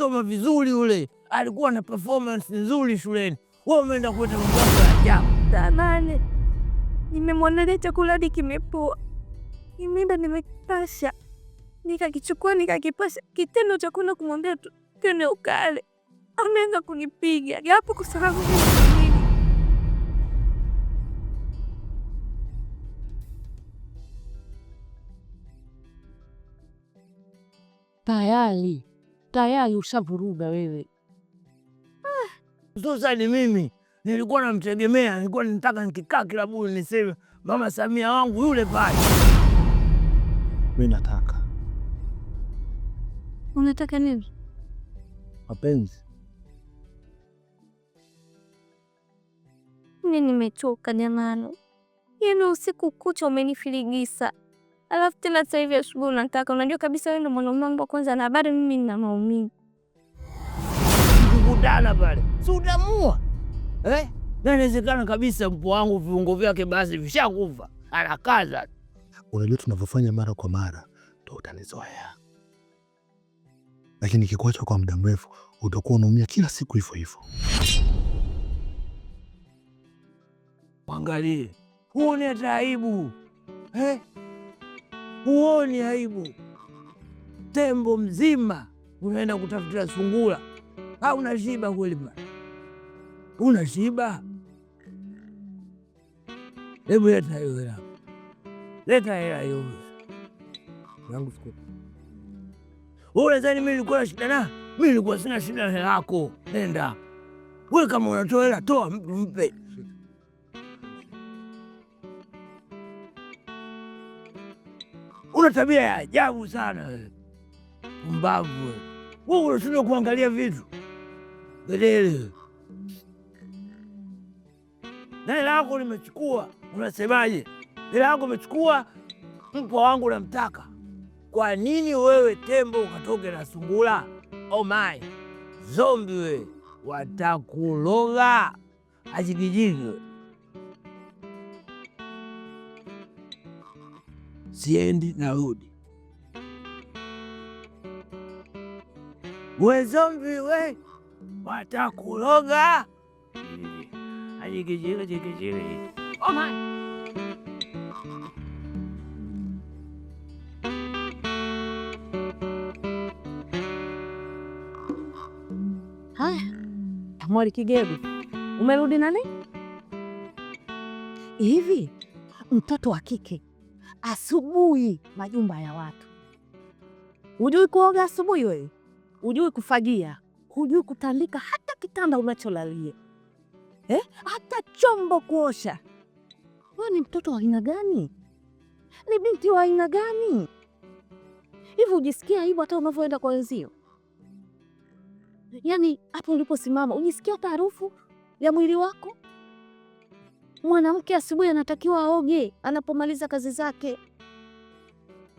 kusoma vizuri, ule alikuwa na performance nzuri shuleni. Wewe umeenda kuleta mambo ya ajabu. Samani, nimemwonelea chakula hadi kimepua, nimeenda nimekipasha, nikakichukua nikakipasha. Kitendo cha kwenda kumwambia twende ukale, ameenda kunipiga hapo kwa sababu tayari tayari ushavuruga wewe. Ah, mimi nilikuwa namtegemea, nilikuwa nitaka nikikaa kilabuni niseme Mama Samia wangu yule pale. Mi nataka unataka nini? Mapenzi. Mimi nimechoka jamani, yaani usiku kucha umenifirigisa. Alafu tena sasa hivi asubuhi unataka, unajua kabisa wewe ndio mwanaume wangu wa kwanza na bado mimi nina maumivu. Kukutana pale si utamua eh? Inawezekana kabisa mpo wangu viungo vyake basi vishakufa, anakaza. Unajua tunavyofanya mara kwa mara ndio utanizoea, lakini nikikuacha kwa muda mrefu utakuwa unaumia kila siku hivyo hivyo. Mwangalie, huone taibu eh? huoni aibu? Tembo mzima unaenda kutafutia sungura, au shiba kweli? Bwana, shiba? Hebu leta hiyo hela, leta hela hiyo yangu. Unadhani mimi nilikuwa na shida? Na mimi nilikuwa sina shida na hela yako. Nenda wewe, kama unatoa hela, toa mtu mpe. una tabia ya ajabu sana wewe, pumbavu wewe, unashindwa kuangalia vitu gedele. Na hela yako nimechukua, unasemaje? Hela yako umechukua, mpwa wangu namtaka Kwa nini wewe tembo ukatoke na sungura? Oh my zombi, we watakuloga ajigijigi siendi narudi. We zombi we, watakuloga ajikijikijikijiki. Oh Mwali Kigego, umerudi nani? Hivi mtoto wa kike asubuhi majumba ya watu. Hujui kuoga asubuhi wewe, hujui kufagia, hujui kutandika hata kitanda unacholalia eh? hata chombo kuosha. Wewe ni mtoto wa aina gani? Ni binti wa aina gani? Hivi ujisikia aibu hata unavyoenda kwa wenzio? Yaani hapo uliposimama ujisikia hata harufu ya mwili wako? mwanamke asubuhi anatakiwa aoge anapomaliza kazi zake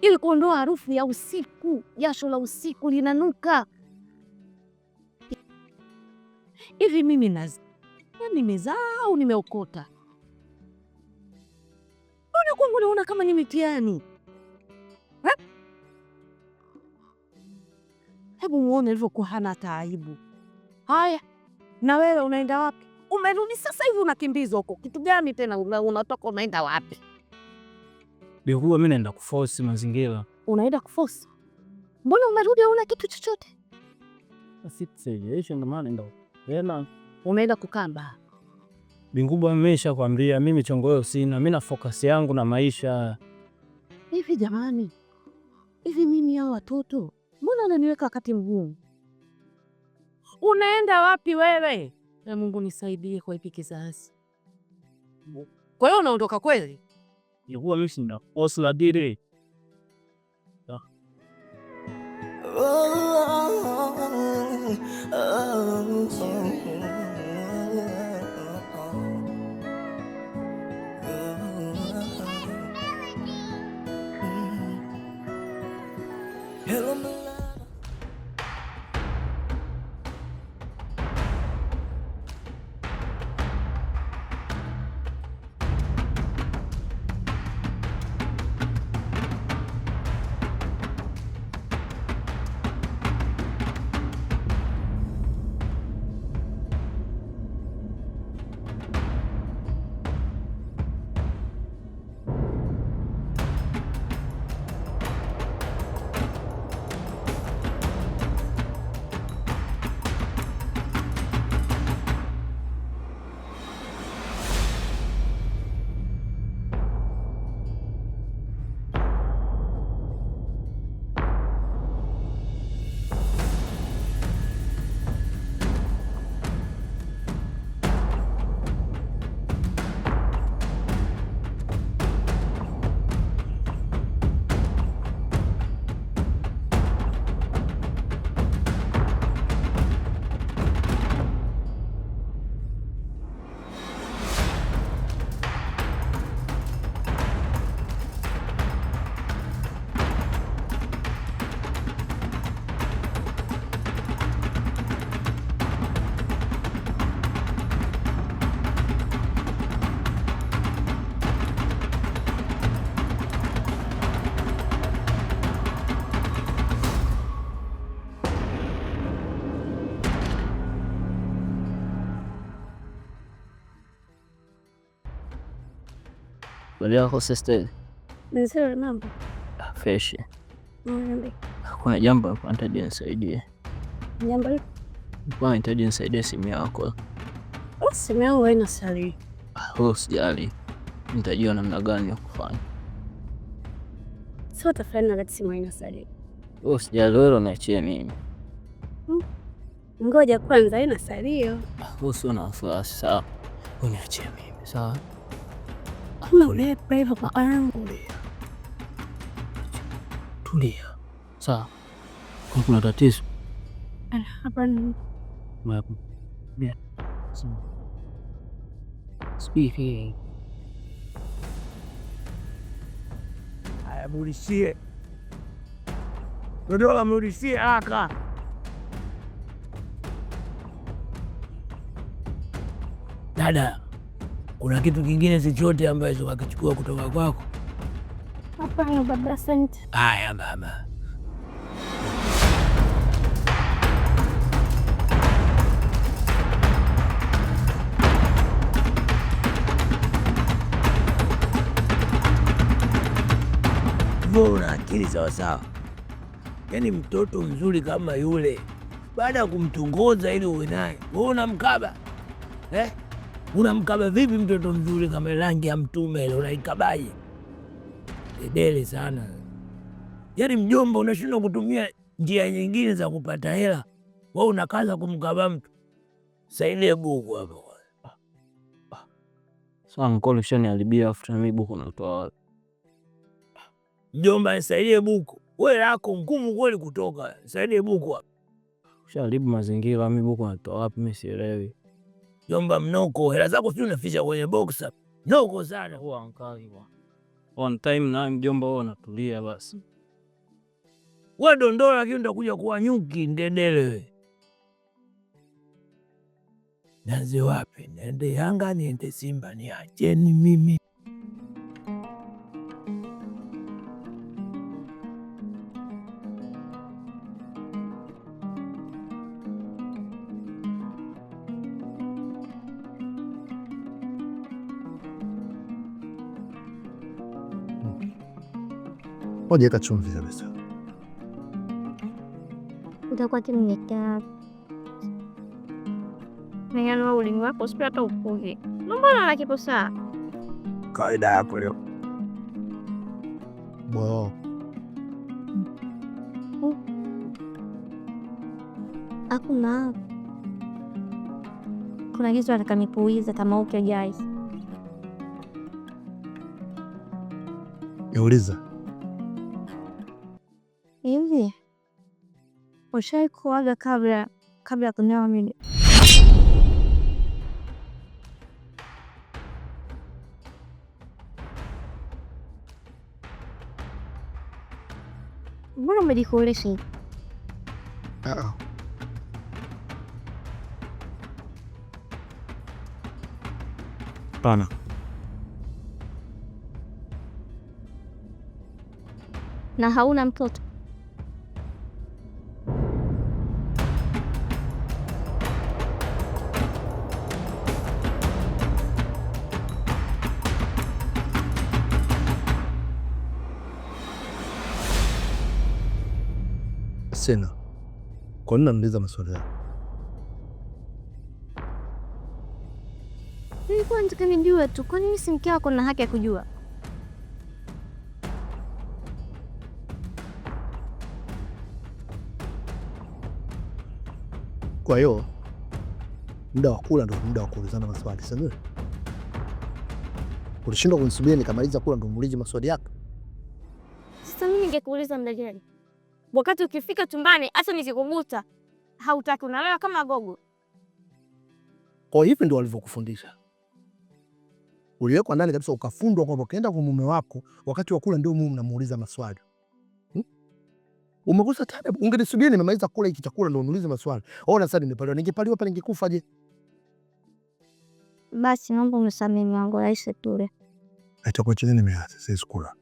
ili kuondoa harufu ya usiku, jasho la usiku linanuka hivi. Mimi nazi yaani nimezaa au nimeokota? Ona kwangu, naona kama ni mitihani. Hebu muone alivyokuwa hana taaibu Haya, na wewe unaenda wapi? umerudi sasa hivi unakimbizwa huko. Kitu gani tena? Unatoka unaenda wapi? Bihua, mi naenda kufosi mazingira. Unaenda kufosi Mbona umerudi una kitu chochote? Umeenda kukamba Binguba, mmesha kwambia mimi chongoyo sina, mi na fokasi yangu na maisha hivi. Jamani, hivi mimi au watoto mbona ananiweka wakati mgumu? Unaenda wapi wewe? E Mungu nisaidie kwa hiki kizazi. Kwa hiyo unaondoka kweli? Habari yako sister? Nzuri, mambo? Fresh. Kuna jambo hapa nahitaji nisaidie. Jambo lipi? nisaidie simu yako. Oh, simu yangu haina salio. Oh, ah, sijali. Nitajua namna gani ya kufanya. Sio wewe unachia mimi. Hmm? Ngoja kwanza haina salio. Oh, ah, na wasiwasi sawa. Uniachie mimi sawa. 올해 빼서 안 올해. Tulia. Sawa. Kwa kuna tatizo? Hapana. Wapo. Yeah. Speaking. Aya, kuna kitu kingine chochote ambacho wakichukua kutoka kwako? Hapana baba, asante. Haya mama. Una akili sawasawa, yaani mtoto mzuri kama yule, baada ya kumtongoza ili uwe naye, wewe unamkaba eh? Unamkaba vipi mtoto mzuri kama rangi ya mtume ile, unaikabaje? Edele sana yaani, mjomba unashindwa kutumia njia nyingine za kupata hela, wewe unakaza kumkaba mtu. Saile buku hapo sasa, mkolo alibia afuta mimi buku natoa wapi? Mjomba nisaidie buku. Wewe lako ngumu kweli kutoka. Nisaidie buku hapo. Usharibu mazingira mimi buku natoa wapi? Mimi sielewi. Yomba mnoko, hela zako sijui unafisha kwenye boksa mnoko sana. Huwa ankali bwana, on time na mjomba wao natulia basi. Wewe dondola, lakini utakuja kuwa nyuki ndedele. nazi wapi? Nende Yanga, niende Simba? Niacheni mimi. Moja kachumvi kabisa, utakuwa kimnyekaa meganua ulimi wako sio hata upuvi. Mbona na kipo saa kawaida yako leo bo hakuna kuna kitu atakanipuiza kama uke guys. Yauliza Ushawahi kuoga kabla kabla ya kunawa mikono? Mbona umejikuulishi? Pana. Na hauna mtoto? Sena, kwa nini unaniuliza maswali hayo? Nilikuwa nataka nijue tu, kwa nini si mke wako na haki ya kujua? Kwa hiyo muda wa kula ndo muda wa kuulizana maswali, si ndio? Ulishindwa kunisubiri nikamaliza kula ndo muulize maswali yako. Sasa mimi ningekuuliza muda gani? wakati ukifika tumbani, hata nikikuguta hautaki, unalewa kama gogo. Kwa hivi ndio walivyokufundisha? Uliwekwa ndani kabisa ukafundwa kwamba ukienda kwa mume wako wakati wa kula ndio mume unamuuliza maswali hmm? Umekosa tadabu. Ungenisubiri nimemaliza kula hiki chakula ndio uniulize maswali. Ona oh, sasa, nimepaliwa. Ningepaliwa pale ningekufa je? Basi naomba unisamehe mwanangu, aishe tule. Itakuwa chini nimeanza sasa kula.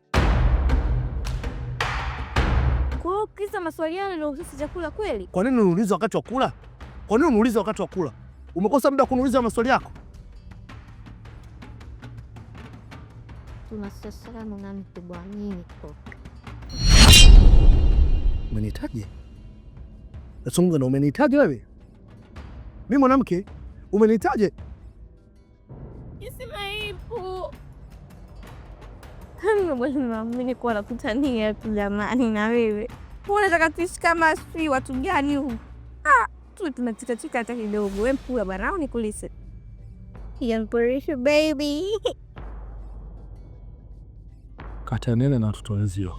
kuuliza maswali yale yanayohusu chakula kweli? Kwa nini uniuliza wakati wa kula? Kwa nini uniuliza wakati wa kula? Umekosa muda kuniuliza maswali yako? Umenihitaji? Nasungumza na umenihitaji wewe? Mi mwanamke, umenihitaji? Nimekuwa nakutania tu jamani na wewe Mbona takatuishi kama si watu gani huku? Ah, tu tunatikatika hata kidogo. We mpura bwana, au nikulise? Yampurisho baby. Kata nene na watoto wenzio.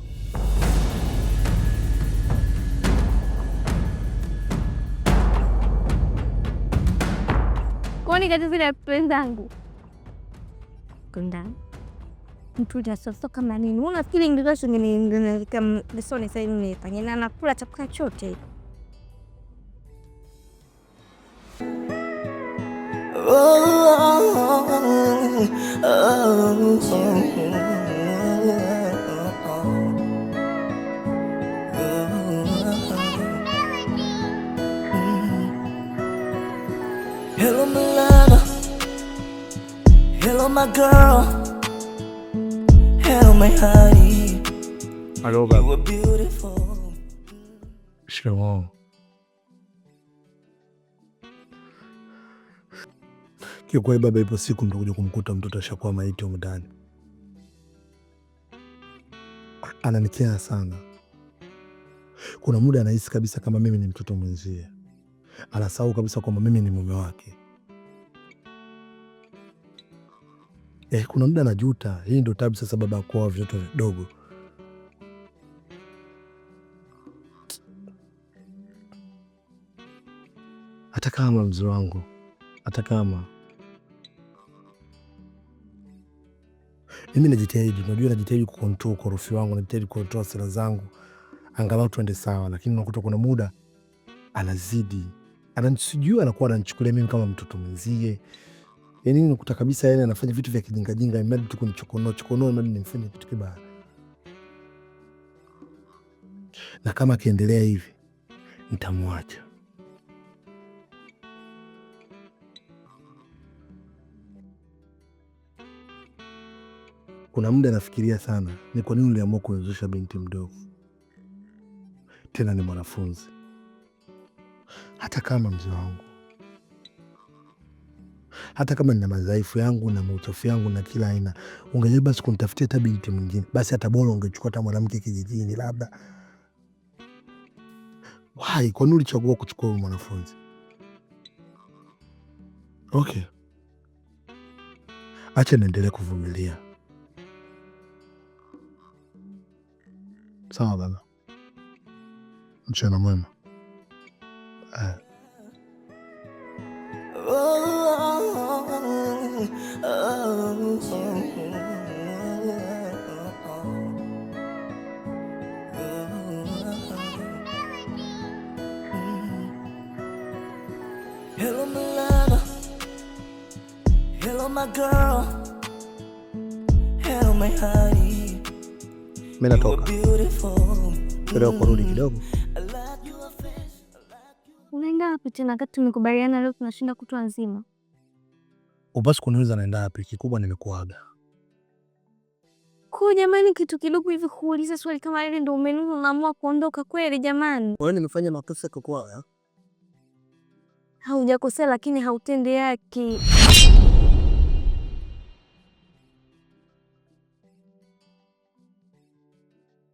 Kwani kati vile watoto wenzangu mtu asoso kama nini, unafikiri ngigasho lesoni sasa hivi nimefanya na nakula chakula chote Hello my Hello my girl held my honey. Hello, you were beautiful. Shimon. Kiukweli baba, ipo siku mtakuja kumkuta mtoto ashakuwa maiti umudani, ndani. sana. Kuna muda anahisi kabisa kama mimi ni mtoto mwenzie, anasahau kabisa kwamba mimi ni mume wake. Eh, kuna muda najuta. Hii ndio tabu sasa, baba kwa vitoto vidogo. Hata kama mzee wangu, hata kama mimi najitahidi, unajua najitahidi kukontrol ukorofi wangu, najitahidi kukontrol hasira zangu, angalau tuende sawa, lakini unakuta kuna muda anazidi, anasijui, anakuwa ananichukulia mimi kama mtoto mwenzie yani nakuta kabisa, yani anafanya vitu vya kijingajinga, mradi tu kunichokonoa chokonoa, mradi nimfanye kitu kibaya. Na kama akiendelea hivi nitamwacha. Kuna muda nafikiria sana, ni kwa nini uliamua kuwezesha binti mdogo, tena ni mwanafunzi, hata kama mzee wangu hata kama nina madhaifu yangu na mauchafu yangu na kila aina, ungejaribu basi kunitafutia hata binti mwingine, basi hata bora ungechukua hata mwanamke kijijini labda. Wai, kwa nini ulichagua kuchukua huyu mwanafunzi? Okay, acha niendelee kuvumilia. Sawa baba, mchana mwema. Eh. Mimi natoka leo, kurudi kidogo. Unaenda wapi tena? Kati tumekubaliana leo tunashinda kutwa nzima. Upasi kuniuliza naenda wapi, kikubwa nimekuaga kwa jamani, kitu kidogo hivi kuuliza swali kama ile ndio umenu unaamua kuondoka kweli? Jamani, wewe nimefanya makosa kwa kwako? Haujakosea, lakini hautende haki.